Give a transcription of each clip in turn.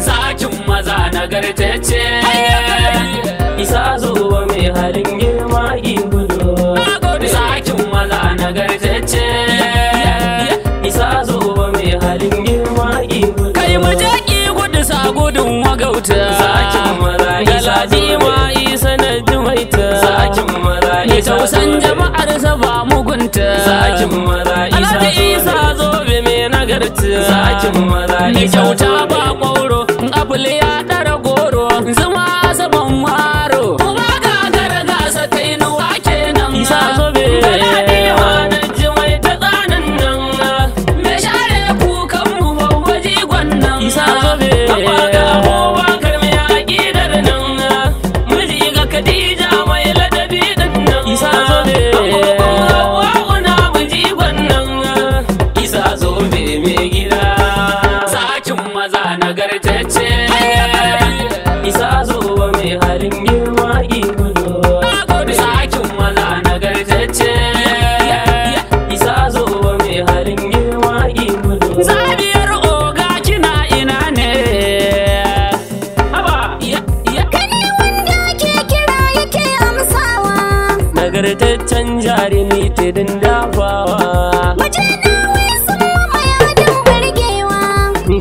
Zakin maza nagartacce Isa zuwa mai halin girma gudu Zakin maza nagartacce Isa zuwa mai halin girma gudu Kai mace gudu sa gudun wagauta Zakin maza Galadi ma isa na jumaita Zakin maza Mai tausan jama'ar sa ba mugunta Zakin maza Isa Alhaji isa zobe mai nagarta Zakin maza Mai kyauta ba kwauro sabulu ya ragu.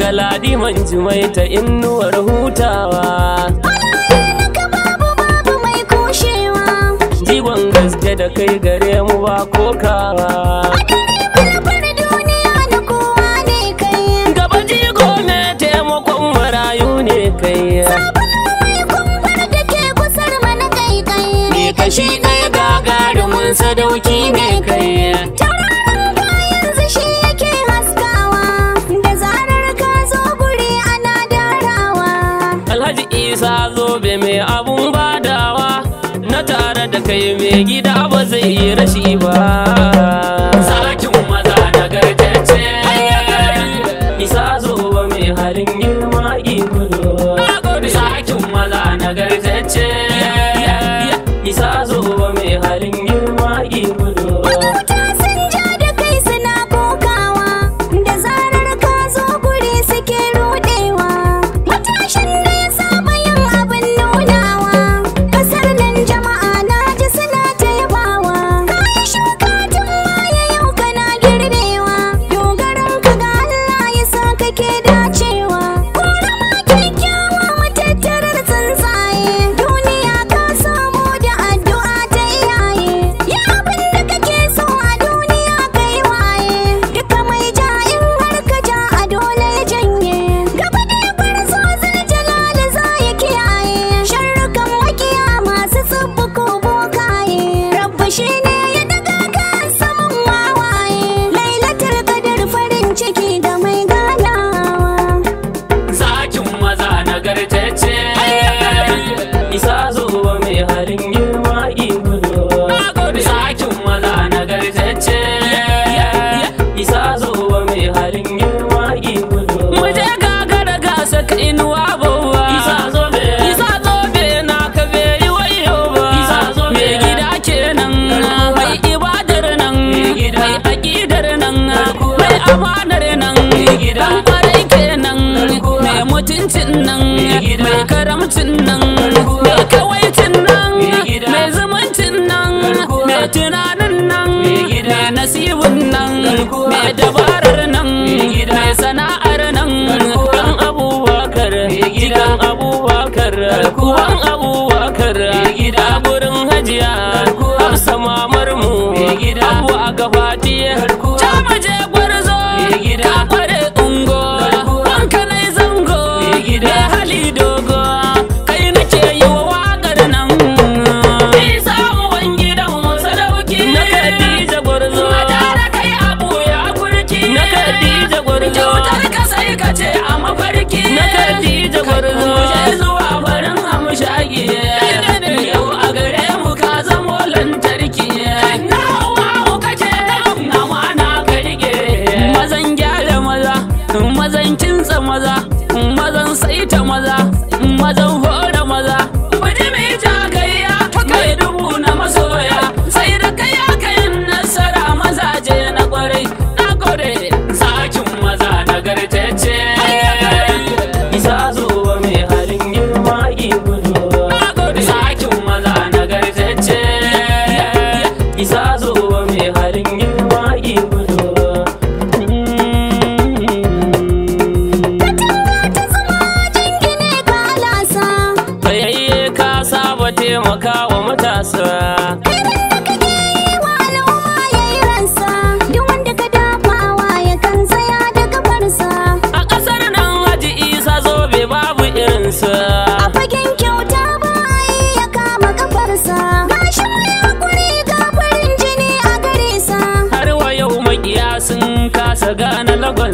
galadiman jumaita innuwar hutawa babu mai kushewa. Jigon gaske da kai gare mu ba kokawa Gaba jigo mai taimakon marayu ne kai Sabon mai kumbar da ke kusar mana kai kai Ne kashi ɗaya gagarumin sadauki ne kai mai gida ba zai yi rashi ba sarakin maza na garjace isa ba mai harin girma ikudu sarakin maza na garjace Cutting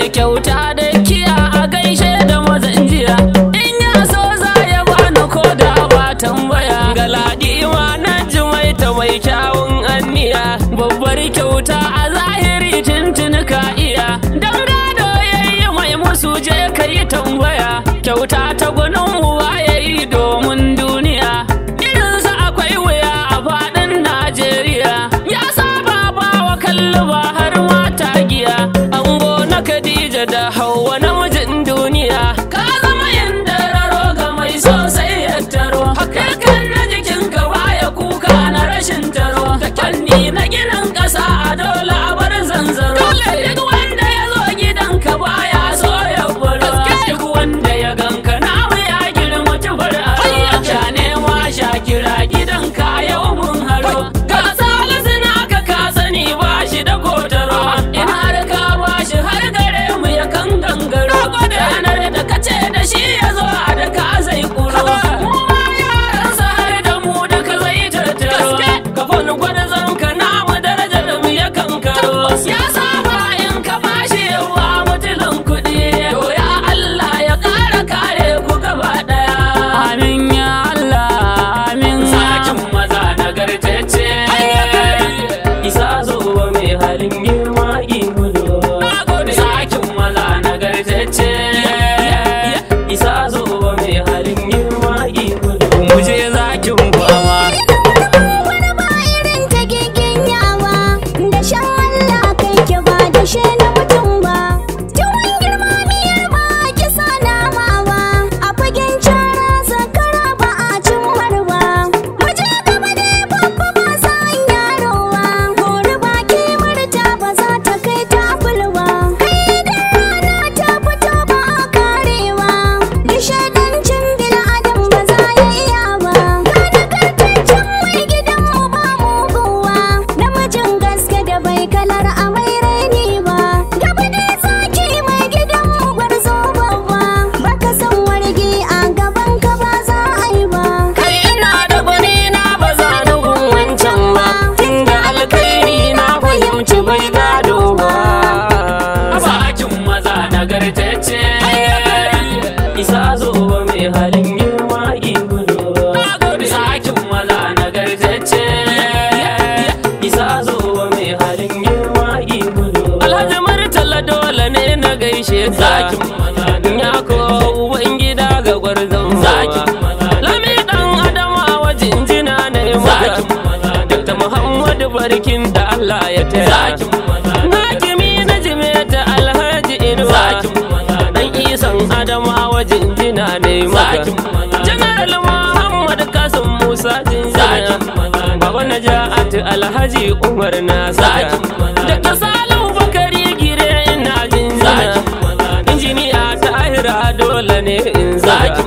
mai kyauta da kiya a gaishe da mazan jiya in ya so za ya bani ko da ba tambaya galadi ma na jimai ta mai kyawun anniya babbar kyauta a zahiri tuntun ka iya don gado ya yi mai musu je ka yi tambaya kyauta ta gwanin uwa ya yi do kalar amai ne ba gaba da zaki mai gidan mugwar zoban ba baka san warge a gaban ka ba za ayi ba kai ina da gwani na ba za da wancan ba tun da alkairi na fahimci mai gado ba ba a kin maza nagartacce isa zo mai hali. jimeta hakimi na jimeta alhaji inuwa dan isan adamawa jinjina ne maka janar muhammad kasim musa jinjina baba na ja'ati alhaji umar na saka da kasalu bakari gire ina jinjina injiniya tahira dole ne in zaka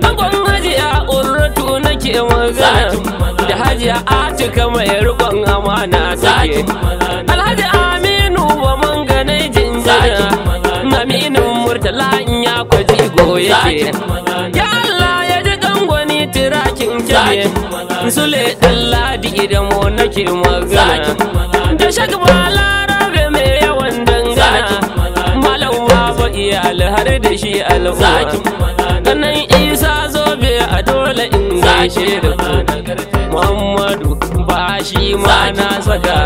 dan gwamnati a urratu nake magana da hajiya atika mai sake alhaji aminu wa man ganai jinjina aminin murtala in ya kwaji goye ya Allah ya ji gangwani tirakin kire sule dan idan mu nake magana da shagma larabe mai yawan dangana malam baba iya har da shi al'umma. sannan isa zobe a dole in gaishe da muhammadu bashi shi ma na saka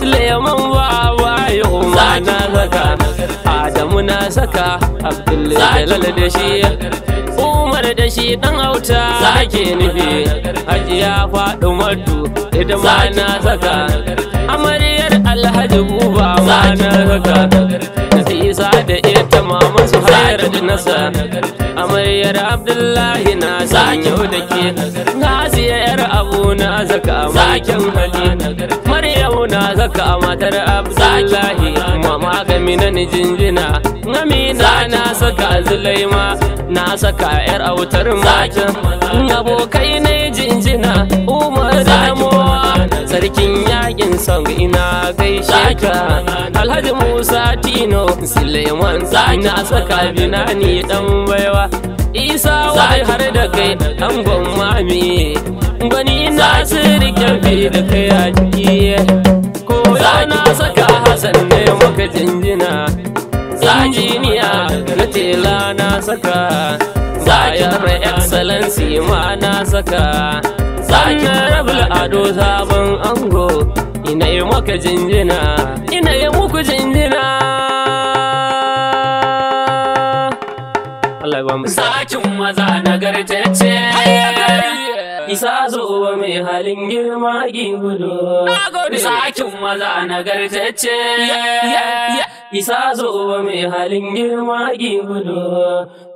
Suleiman ba wayo ma na saka Adamu na saka Abdullahi da shi Umar da shi dan auta ake nufi Hajiya faɗi madu ita ma na saka Amaryar Alhaji Buba ma na saka isa da ita mamansu hayar da nasa amaryar abdullahi na san da ke hasiyar abu na zaka makin hali maryam na zaka matar abdullahi mama ga ni jinjina amina na saka zulaima na saka yar autar makin abokai ne jinjina umar da sarkin yakin song ina gaishe ka alhaji musa tino suleiman na saka binani dan baiwa isa wai har da kai dan mami gwani na sirkin fi da kai a ciki ko na saka hasan ne maka jinjina zajiniya na tela na saka Zakin excellence ma na saka Zakin rabul ado sabon ango Ina yi maka jinjina Ina yi muku jinjina Allah ba mu Zakin maza nagartacce Isa zuwa mai halin girma gudu Zakin maza nagartacce Isa zuwa mai halin girma gudu